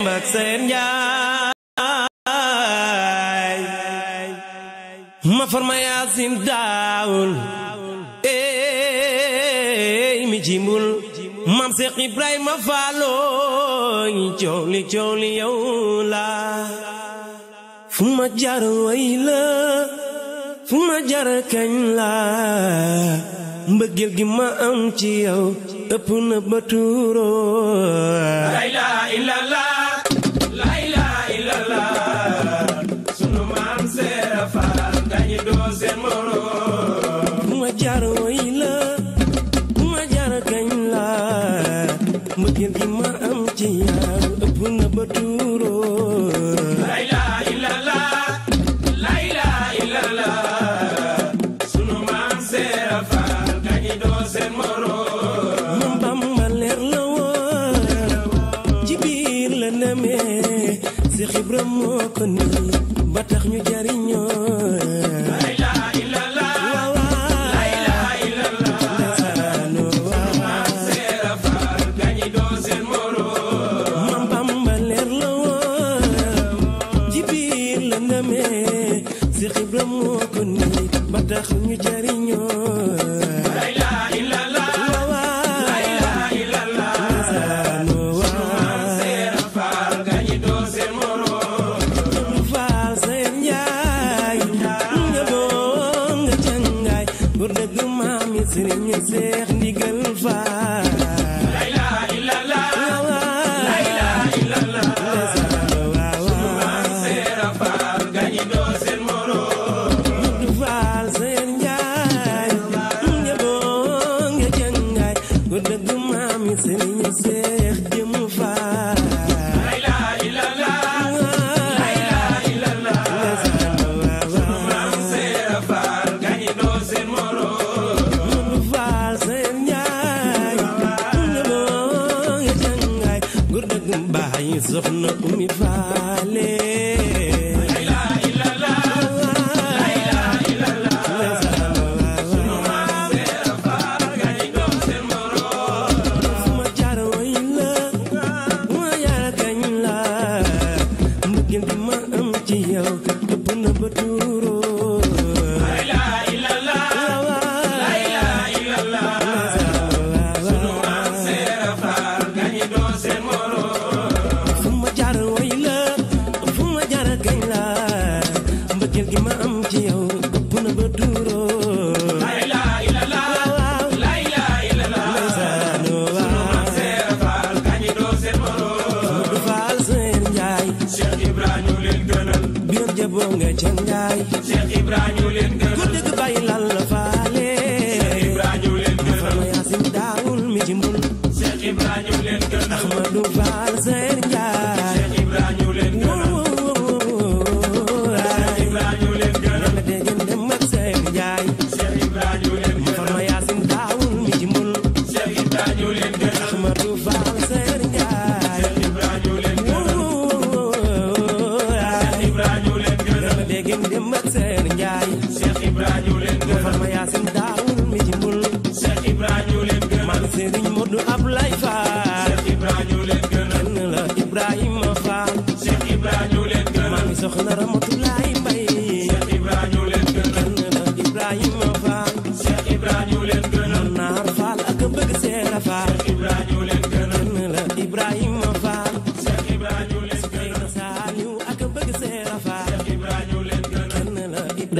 Mbëkk Seen Njaay ma Yaasin daawul eey mi jimbul Maam Seex Ibrahima Faalooy coow li coow li la fu ma jar way fu ma jar kañ la mbëggeel gi ma am ci yow ëpp na ba Fazer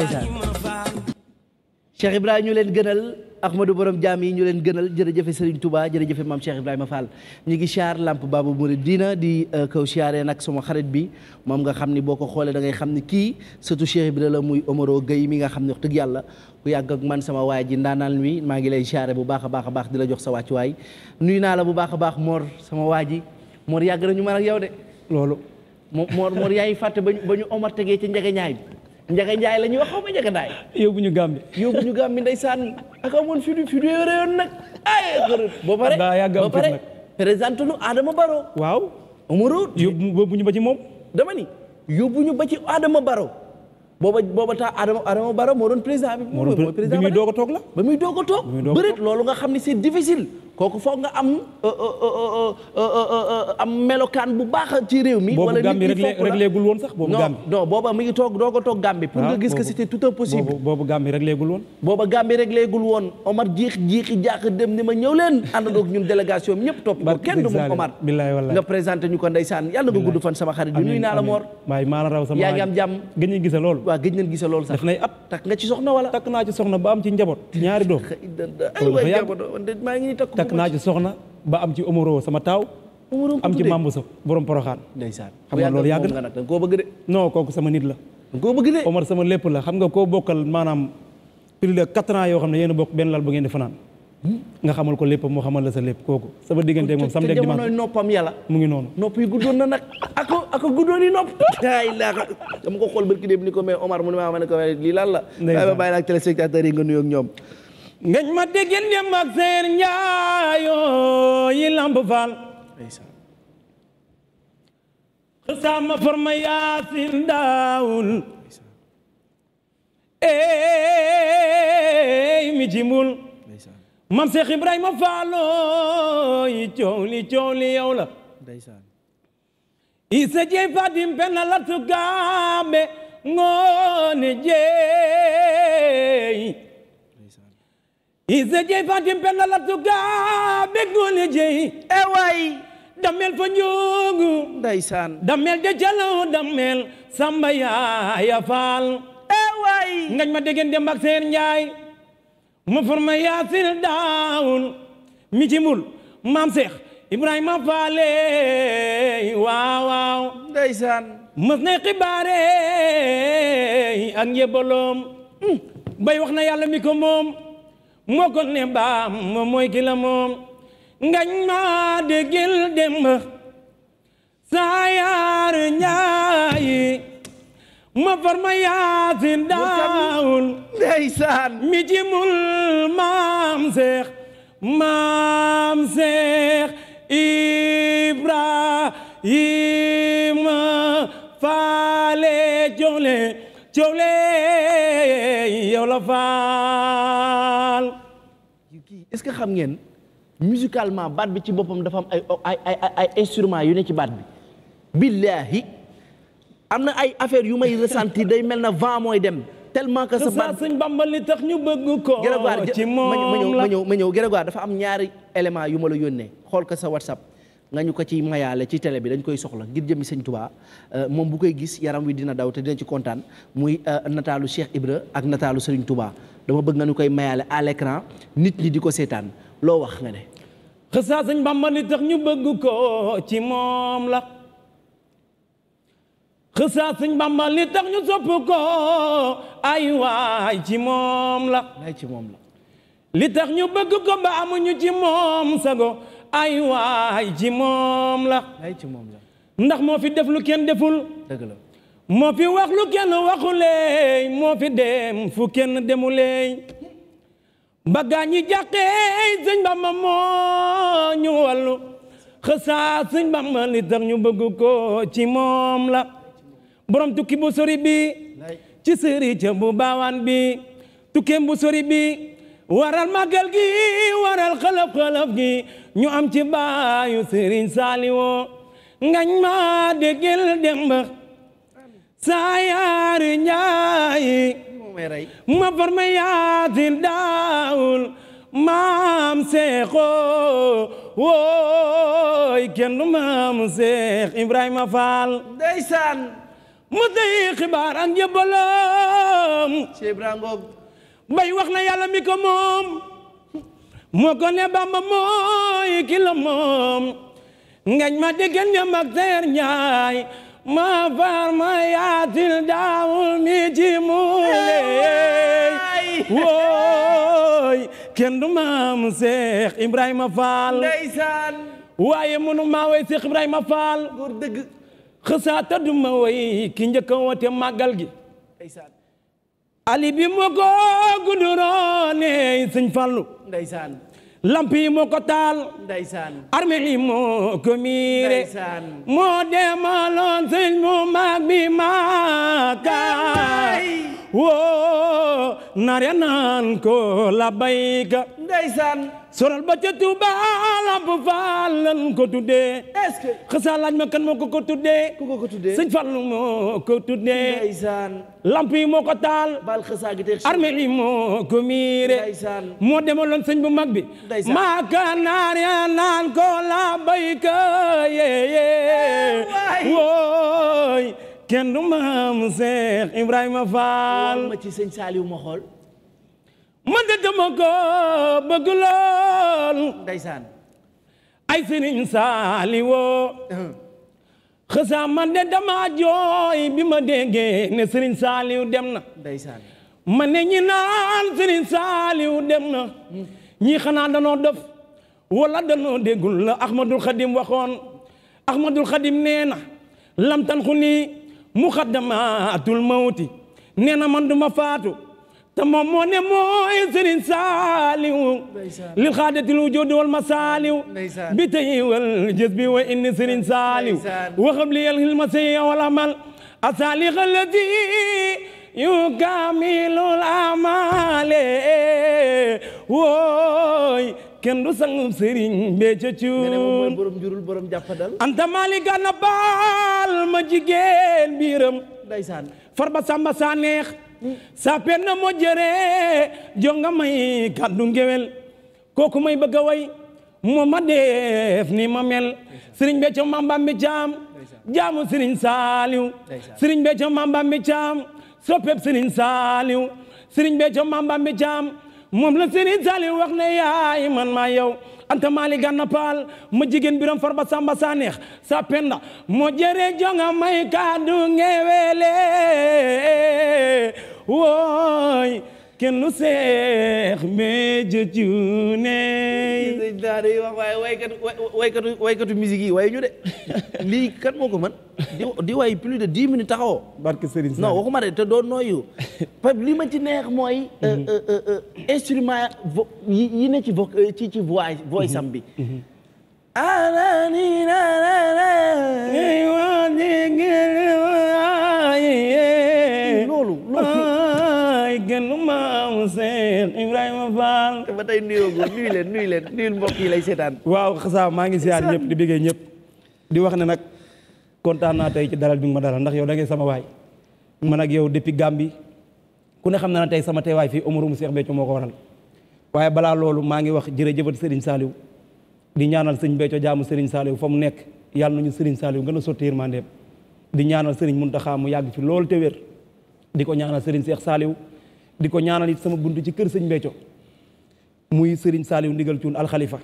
ndeysaan Cheikh Ibrahima ñu leen gënal Ahmadou borom jaam yi ñu leen gënal jërëjëfe Serigne Touba jërëjëfe maam Cheikh Ibrahima Fall ñu ngi siyaar lamp Babu Mouridina di euh, kaw siyaaree nag sama xarit bi moom nga xam ni boo ko xoolee dangay xam ni kii surtout Cheikh Ibrahima la muy Omaro Gueye mi nga xam ne wax dëgg yàlla ku yàgg ak man sama waay ji ndaanaan wi maa ngi lay siyaare bu baax a baax a baax di la jox sa wàccuwaay nuyu naa la bu baax a baax Mor sama waa ji Mor yàgg nañu man ak yow de loolu Mor Mor yaay fàtte ba ñu Njaga Njaay la ñuy wax xaw ma Njaga Njaay. yóbbu ñu Gàmbi. yóbbu ñu Gàmbi ndeysaan ak amoon fi du fi du réewoon nag ay ba pare ba pare présenté nu Adama Baro. waaw Umaru. yóbbu ñu ba ci moom. dama ni yóbbu ñu ba ci Adama Baro. booba booba taa Adama Adama Baro moo doon président bi. moo doon président toog la. ba loolu nga xam ne c'est difficile. kooku foog nga am euh, euh, euh, am melokaan bu baax ci réew mi. wala nit ñi fokk la boobu woon sax boobu. Gambie non non booba mi ngi toog doog a toog Gambie. pour nga ah, gis que c'était tout impossible. boobu boobu Gambie régléegul woon. booba Gambie régléegul woon Omar jiix jiixi jaax dem ni ma ñëw leen àndandoo ñun délégation bi ñëpp topp ko kenn du ma Omar. billaay wallaay nga présenté ñu ko ndeysaan yàlla nga gudd fan sama xarit bi nuyu naa la Mor. waaye maa la raw sama yaa ngi am jàmm. gëj nañ gisa lool waaw gëj nañ gisa lool sax. daf nay ab takk nga ci soxna wala. takk naa ci soxna ba am ci njaboot ñaari doom. maa ngi takk takk naa ci soxna ba am ci omoro sama taaw am ci mambu sa borom poroxaan ndeysaan xam nga loolu yàgg na koo bëgg de non kooku sama nit la koo bëgg de Omar sama lépp la xam nga koo bokkal maanaam plus de quatre yoo xam ne yéen a bokk benn lal bu ngeen di fanaan hmm? nga xamal ko lépp moo xamal la sa lépp kooku sama diggante moom samedi ak dimanche noppam yàlla mu ngi noonu nopp yi guddoon na nag ako ako nopp daa ilaaha dama ma ne ko nga nuyoog ñoom ngañ ma déggeen dem ak seer njaayoo yi lamb faal sama forma yaasin daawul eey mi jimbul mam Seex Ibrahima Faalo yi coow li coow li yow la isa jeey Fatim penna la tukkaabe ngoone jeey ise jey fatim penda lattuga be goole jey e way dammel fa njoogu ndeysaan de calaw dammel samba yaaya faal e way ngañ ma degen dem ak njaay mu forma yaasin daawul mi ci mbul maam seex ibrahima faale waaw waaw ndeysaan mës ak njeboloom mm. bay wax na yàlla ko moom moo ko ne baam mooy ki la moom ngañ maa déggil démb saa yaar ñaayi ma far ma yaasin daawul ndeysaan mi ci mul maam seex maam seex ibrahima faale joole joole yow la est que xam ngeen musicalement baat bi ci boppam dafa am ay ay ay ay instruments yu ne ci baat bi billaahi am na ay affaire yu may ressentir day mel na vent mooy dem tellement que sa baat sëñ Bamba li tax ñu bëgg ko ci moom la ma ñëw ma ñëw Grégoire dafa am ñaari élément yu ma la yónnee xool ko sa WhatsApp nga ñu ko ci mayaale ci télé bi dañ koy soxla ngir jëmi sëñ Touba euh, moom bu koy gis yaram wi dina daw te dina ci kontaan muy euh, nataalu Cheikh Ibra ak nataalu Serigne Touba dama bëgg nga nu koy mayaale à nit ñi di ko seetaan loo wax nga ne xësaa sëñ Bamba li tax ñu bëgg ko ci moom la xësaa sëñ Bamba li tax ñu sopp ko ay waay ci moom la li tax ñu bëgg ko ba amuñu ci moom sago ay waay ci moom la ndax moo fi deflu kenn deful dëgg moo fi wax lu kenn moo fi dem fu kenn demuleey ba gaañi jàqeey sëñ Bamba moo ñu wallu xësaa sëñ Bamba li ñu bëgg ko ci moom la borom tukki bu sori bi ci sëri ca bu baawaan bi tukkeem bu sori bi waral màggal gi waral xalaf-xalaf gi ñu am ci baayu sëriñ Saaliwo ngañ ma déggel dem ba saa yaari ñaay ma far ma yaasin daawul maam seexoo wooy kenn maam seex Ibrahima Fall ndeysaan mu dey xibaar ak njëbbalam Cheikh bay wax na yàlla mi moom moo ko mooy ki moom ngañ ma déggen ñam ak teer ñaay ma farmayatil daawul mi ji muuley wooy kenn du maam Seex Ibrahima Fall ndeysaan waaye munu maa way Seex Ibrahima Fall góor dëgg xësaata du ma way ki njëkk a woote màggal gi ndeysaan ali ko guduroo ne Fallu lamp yi moo ko taal ndeysaan arme yi moo ko miire moo ma naar ya naan ko labayka ndeysaan ba ca Tuuba lamp faal ko tuddee est que xasaa laaj ma kan moo ko ko tuddee ku ko sëñ Fallu moo ko tuddee ndeysaan lamp yi moo ko taal armeel yi moo ko miire moo demaloon sëñ bu mag bi maa ka naar ya naan ko labayka yeye wooy kenn du maam Seex Ibrahima Fall. ma ci sëñ Saliou ma xool. man de dama ko bëgg ay sëriñ Saliou. xësa man de dama jooy bi ma déggee ne sëriñ Saliou dem na. ndeysaan. ma ne ñi naan sëriñ Saliou dem na. ñii xanaa danoo dof. wala danoo déggul la Ahmadul Xadim waxoon. Ahmadul Xadim nee na. lam tan muxaddamaatul mawti nee na man duma faatu te moom moo ne mooy sëriñ saaliw lil xaadatil wujudi wal masaaliw bi tey wal jës bi wa inni sëriñ saaliw waxam li yal masay wal amal asaalix alladi yu kaamilul amale wooy kenn du sangum sëriñ Béthio Thioune anta mali gana baal ma jigéen biiram ndeysaan farba samba sa neex sa pen mo jëre jonga may kaddu ngewel kooku may bëgg a way moo ma def ni ma mel sëriñ Béthio mambam bi caam jaamu sëriñ saaliw sëriñ Béthio mambam bi caam soppeb sëriñ saaliw sëriñ Béthio mambam bi caam moom la Serigne Saliou wax ne yaay man maa yow anta maali ganna paal ma jigéen biram farba samba sa neex sa penda moo jere jonga may kàddu ngewele wooy kenn seex méje cuuney daal di wax waaye waykatu waykatu waykatu musique yi waaye ñu de lii kat moo ko mën di di waay plus de dix minutes taxawoo barke Serigne non waxuma de te doo nooyu parce que li ma ci neex mooy mhm. euh, euh, euh, instrument yi yi ne ci vo ci ci voix voix sam bi mhm. Mhm. ngeen Ibrahima Fall. te ba tey nuyoo ko nuyu leen nuyu leen nuyu mbokk yi lay seetaan. waaw xasaa maa ngi ziar ñëpp di bëggee ñëpp. di wax ne nag kontaan naa tey ci dalal bi nga ma dalal ndax yow da ngay sama waay. man ak yow depuis Gambie ku ne xam na ne tey sama teewaay fii Omar Oumou Cheikh Béthio moo ko waral. waaye balaa loolu maa ngi wax jërëjëfati Serigne Saliou di ñaanal sëñ Béthio jaamu Serigne Saliou fa mu nekk yàlla nañu Serigne Saliou gën a sotti yërmandeem di ñaanal Serigne Mountakha mu yàgg fi loolu te wér di ko ñaanal Serigne Cheikh Saliou di ko ñaanal it sama buntu ci kër sëñ Béthio muy Serigne Saliou ndigal cuun alxalifa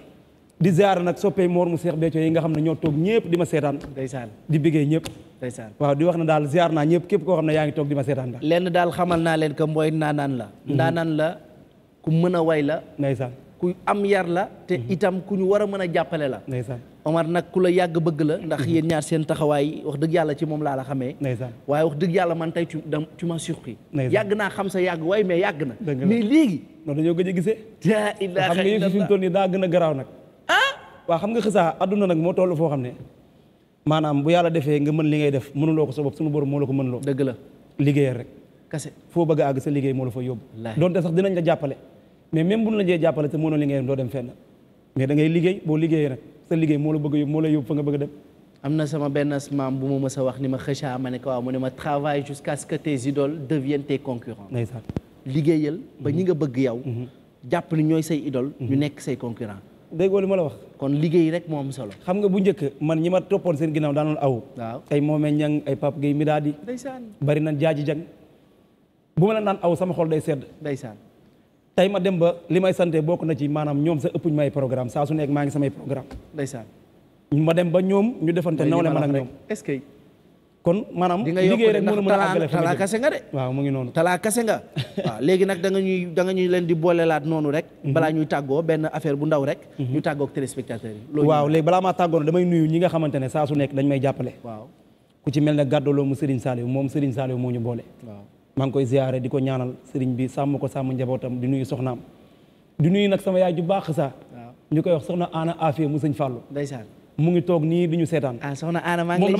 di ziar nag soppee moor mu Seex Béthio yi nga xam ne ñoo toog ñëpp di ma seetaan ndeysaan di biggéey ñëpp ndeysaan waaw di wax na daal ziar naa ñëpp képp koo xam ne yaa ngi toog di ma seetaan daal lenn daal xamal naa leen que mooy naanaan la mhm. ndaanaan la ku mën a way la ndeysaan ku am yar la te mhm. itam ku ñu war a mën a jàppale la ndeysaan Omar nag ku la yàgg bëgg la ndax mhm. yéen ñaar seen taxawaay wax dëgg yàlla ci moom laa la xamee waaye wax dëgg yàlla man tey tu m'as surpris yàgg naa xam sa yàgg waaye mais yàgg na mais léegi non dañoo gëj a gisee xam nga yëf fi ñu toll gën garaaw nag ah waaw xam nga xisaa adduna nag moo toll foo xam ne maanaam bu yàlla defee nga mën li ngay def mënuloo ko sa bopp suñu borom moo la ko mën loo dëgg la liggéeyal rek kase foo bëgg a àgg sa liggéey moo la fa yóbbu donte sax dinañ la jàppale mais même buñ la jee jàppale te mënoo li ngay def doo dem fenn mais da liggéey boo liggéeyee nag sa liggéey moo la bëgg a yóbbu moo la yóbbu fa nga bëgg a dem. am na sama benn maam bu ma mës a wax ni ma xëcaa ma ne ko waaw mu ne ma travaille jusqu'à ce que tes idoles deviennent tes concurrents. liggéeyal ba ñi nga mhm. bëgg yow. Mhm. jàpp ni ñooy say idole ñu mhm. nekk say concurrent déggoo li ma la wax kon liggéey rek moo am solo xam nga bu njëkk man ñi ma toppoon seen ginnaaw daanoon aw waaw ay moomee ñang ay Pape Gueye mi daal di bari na jaaji jang bu ma la naan aw sama xol day sedd ndeysaan tey ma dem ba li may sante bokk na ci maanaam ñoom sa ëppuñ may programme saa su nekk maa ngi samay programme ma dem ba ñoom ñu defante nawle man ak ñoom est-ce maanaam liggéey rek mën a mën nga waaw mu ngi noonu talaa kase nga waaw léegi nag ñuy da nga ñuy leen di boolelaat noonu rek mhm. balaa ñuy tàggoo benn affaire bu ndaw rek mhm. ñu tàggoog téléspectateurs yi waaw léegi balaa maa tàggoo damay nuyu ñi nga xamante ne saa su nekk dañ may jàppale waaw ku ci mel ne gàddaloo mu Serigne Saliou moom Serigne Saliou moo ñu boole waaw maa ngi koy ziare di ko ñaanal sëriñ bi sàmm ko sàmm njabootam di nuyu soxnaam di nuyu nag sama yaay ju baax sa ñu koy wax soxna Ana Afia mu sëñ Fallou ndeysaan mu ngi toog nii di ñu seetaan ah soxna Ana maa ngi lay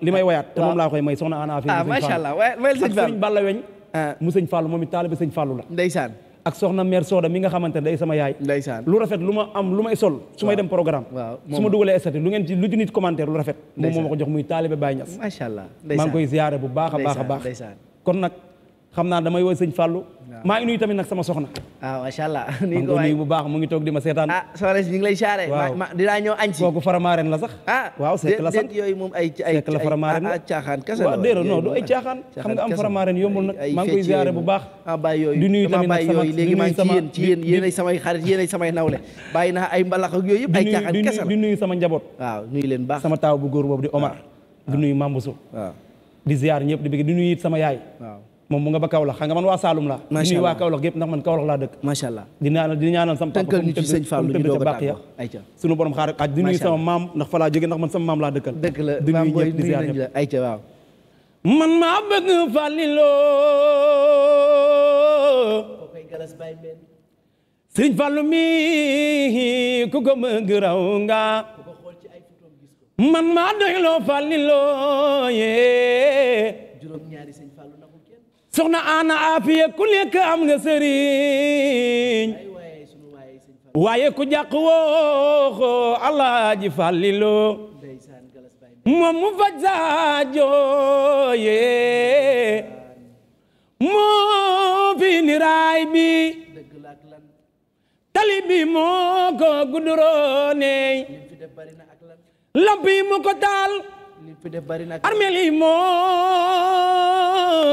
li may wayaat te moom laa koy may soxna Ana Afia ah macha allah wayal sëñ Fallou sëñ Balla ah. mu sëñ Fallou moom it taalibe sëñ Fallou la ndeysaan ak soxna mère Soda mi nga xamante ne day sama yaay ndeysaan lu rafet lu ma am lu ma sol su may dem programme waaw su ma dugalee estati lu ngeen ci lu ci nit commentaire lu rafet moom moo ma ko jox muy taalibe Baye Niass macha allah maa ngi koy ziare bu baax a baax a baax kon nag xam naa damay woy sëñ Fallou maa ngi nuyu tamit nag sama soxna waaw ah, macha allah bu baax mu ngi toog di ma seetaan ah soxna si ñu ngi lay saare dinaa ñëw añ ci kooku sax ah waaw sekk la sant yooyu moom ay sekk la faramaaren la ah, ah, caaxaan kese waaw déedéet non du ay caaxaan xam nga am faramaaren yombul nag maa ngi koy ziare bu baax ah bàyyi yooyu di nuyu tamit nag sama léegi maa ngi ci yéen ci yéen yéen ay samay xarit samay nawle bàyyi naa ay mbalax yëpp ay caaxaan kese la sama njaboot waaw nuyu leen baax sama taaw bu góor boobu di Omar di nuyu Mambouso waaw di ziar ñëpp di bëgg di nuyu it sama yaay moom mu nga ba Kaolack xam nga man waa Saalum la di nuyu waa Kaolack yëpp ndax man Kaolack laa dëkk macha allah di ñaanal di ñaanal sama papa tënkal ñu ci sëñ Fallou ñu doog a tàggoo ayca sunu borom xaar ak di nuyu sama maam ndax fa laa ndax man sama maam laa dëkkal dëkk la di nuyu ñëpp man maa bëgg Falliloo sëñ Fallou ku ko bëgg raw nga man maa doy loo yee juróom na ko kenn soxna ana am nga sëriñ waaye ku jàq woo alaaji fàlliloo moom mu faj saa jooyee moo fi ni raay bi moo ko guddoonee lamp yi moo ko taal armeel yi moo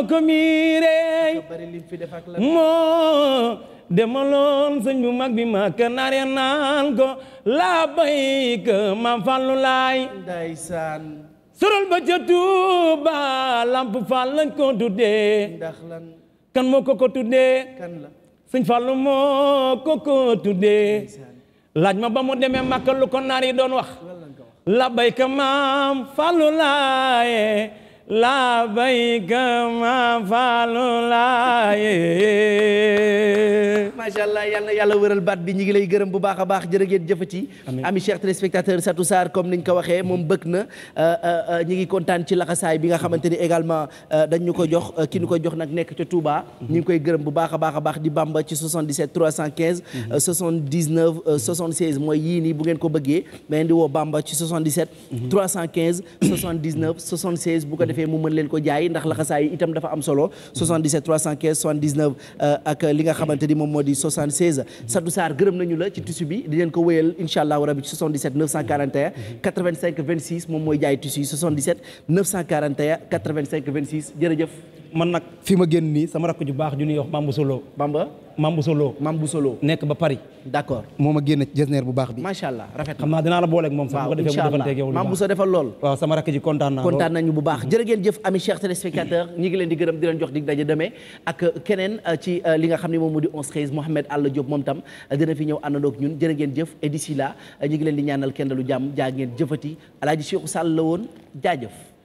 ko miiree moo demaloon sëñ bu mag bi ma ka nare naan ko laa bay ka maam fàllu laay ba ca Tuuba lamp fàll lañ ko tuddee kan moo ko ko tuddee kan la sëñ fàllu moo ko ko tuddee laaj ma ba mu demee Makka lu ko naar yi doon wax labbayka maam Faalu laaye labbayka maam Faalu laaye macha allah yàlla wëral baat bi ñu ngi lay gërëm bu baax a baax jërë ngeen jëfa ci ami chers téléspectateurs Satou Sarr comme niñ ko waxee moom bëgg na euh, euh, euh, ñu ngi kontaan ci laxasaay bi nga xamante également dañ ko jox ki ñu ko jox nag nekk ca Touba mhm. ñu ngi koy gërëm bu baax a baax a baax di Bamba ci mhm. mooy yii nii bu ngeen ko bëggee mais di Bamba ci mhm. bu ko defee mu mën leen ko jaay ndax laxasaay itam dafa am solo 77 nga xamante moom moo di 76 Sadou gërëm nañu la ci tissu bi di leen ko wéyal incha allahu rabi ci 77 941 85 26 moom mooy jaay tissu yi 77 941 85 26 jërëjëf. man nag fi ma génn nii sama rakk ju baax ju ñuy wax Bamba Solo Bamba. Mam bu Solo. Mam bu Solo nekk ba Paris. d'accord moom a génn jésneer bu baax bi. macha allah rafet xam naa dinaa la booleeg moom. waaw incha allah Mam bu Soo defal lool. waaw sama rakk ji kontaan naa kontaan bu baax jërë ngeen jëf ami di gërëm di leen jox dig daje demee euh, euh, xam ne moom mu di 11 moom tam euh, dina fi ñëw àndandoog ñun jërë jëf et d'ici di ñaanal kenn lu jàmm jaa ngeen jëfati Alaaji Cheikhu Sall la woon jaajëf